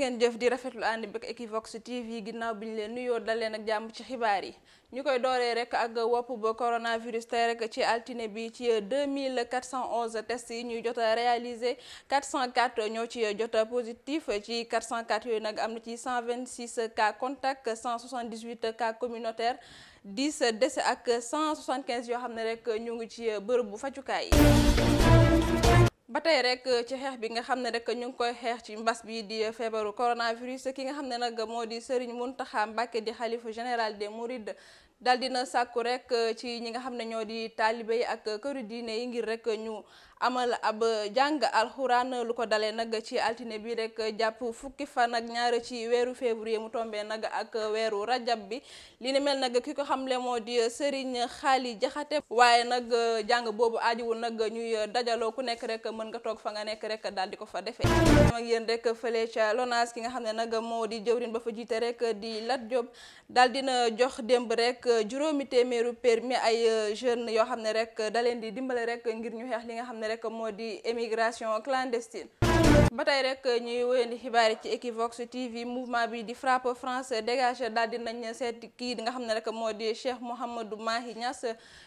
ngeen jëf di rafetlu ànd bi ak Equivox TV ginnaaw bi ñu leen nuyoo dal leen ak jàmm ci xibaar yi ñu koy dooree rek ak wopp ba coronavirus tey rek ci altine bi ci 2411 tests yi ñuy jot a réalisé 404 ñoo ci jot a positif ci 404 yooyu nag am na ci 126 cas contact 178 cas communautaire 10 dese ak 175 yoo xam ne rek ñu ngi ci bërëb bu fajukaay yi ba tey rek euh, ci xeex bi nga xam ne rek ñu ngi koy xeex ci mbas bi di euh, feebaru coronavirus ki nga xam ne nag moo di Serigne Mountakha Mbacké di xalifa général des Mourides daal na sàkku rek euh, ci ñi nga xam ne ñoo di taalibe yi ak këru diine yi ngir rek ñu amal ab jàng alxuraan lu ko dalee nag ci altine bi rek jàpp fukki fan nag ñaar ci weeru février mu tombee nag ak weeru rajab bi li ne mel nag ki ko xam xamle moo di Serigne Xaali Jaxate waaye nag euh, jàng boobu aajiwul nag ñuy dajaloo ku nekk rek mën nga toog fa nga nekk rek daal di ko fa defee ak yéen rek fële ca LONASE ki nga xam ne nag moo di jëwrin ba fa jiite rek di Lat Diop daal dina jox démb rek juróomi téeméeru permis ay euh, jeunes yoo xam ne rek da leen di dimbale rek ngir ñu xeex li nga xam ne rek moo di émigration clandestine ba tey rek ñuy wéyandi xibaar yi ci Equivox TV mouvement bi di frappe France dégage daal di nañ seet kii nga xam ne rek moo di Cheikh Mouhamadou Mahi Niass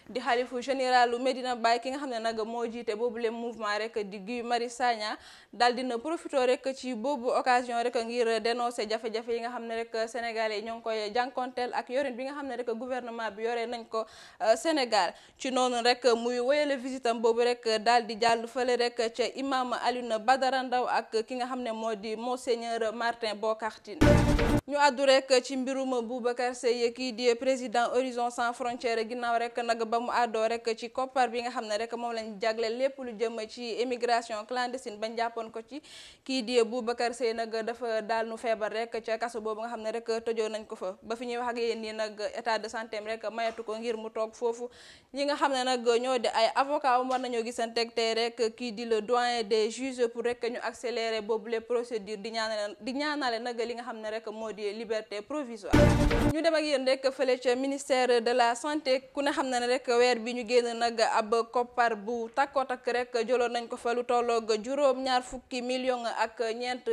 di xalifu généralu Medina Baye ki nga xam ne nag moo jiite boobu le mouvement rek di Guy Marius Sagna daal dina profité rek ci boobu occasion rek ngir dénoncer jafe-jafe yi nga xam ne rek sénégalais yi ñoo ngi koy jànkonteel ak yorin bi nga xam ne rek gouvernement bi yore nañ ko euh, Sénégal ci noonu rek muy wéyale visitam boobu rek daal di jàll fële rek ca Ndaw ak ki nga xam ne moo di monseigneur Martin Bokar ñu àddu rek ci mbirum Boubacar Seye kii di président Horizon Sans Frontières ginnaaw rek nag ba mu àddoo rek ci koppar bi nga xam ne rek moom lañ jagle lépp lu jëm ci émigration clandestine bañ jàppoon ko ci kii di Boubacar Seye nag dafa daal nu feebar rek ca kaso boobu nga xam ne rek tëjoon nañ ko fa ba fi ñuy wax ak yéen nii nag état de santé rek mayatu ko ngir mu toog foofu ñi nga ñu accéléré boobu les procédures di ñaanale nag li nga xam ne rek moo di liberté provisoire ñu dem ak yéen rek fële ca ministère de la santé ku ne xam na ne rek weer bi ñu génn nag ab koppar bu takkoo takk rek joloon nañ ko fa lu tolloog juróom-ñaar fukki million ak ñeent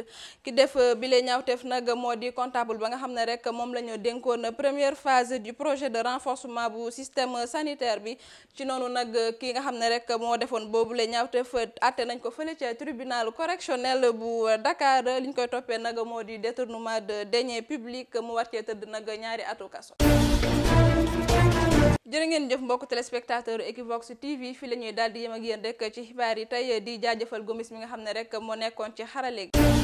ki def bile ñaawteef nag moo di comptable ba nga xam ne rek moom la dénkoon première phase du projet de renforcement bu système sanitaire bi ci noonu nag ki nga xam ne rek correctionnel bu Dakar li ñu koy toppee nag moo di détournement de deniers publics mu war cee tëdd nag ñaari atu kaso. jërë ngeen jëf mbokk téléspectateur Equivox TV fii la ñuy daal di yem ak yéen rek ci xibaar yi tey di jaajëfal gomis mi nga xam ne rek moo nekkoon ci xarale gi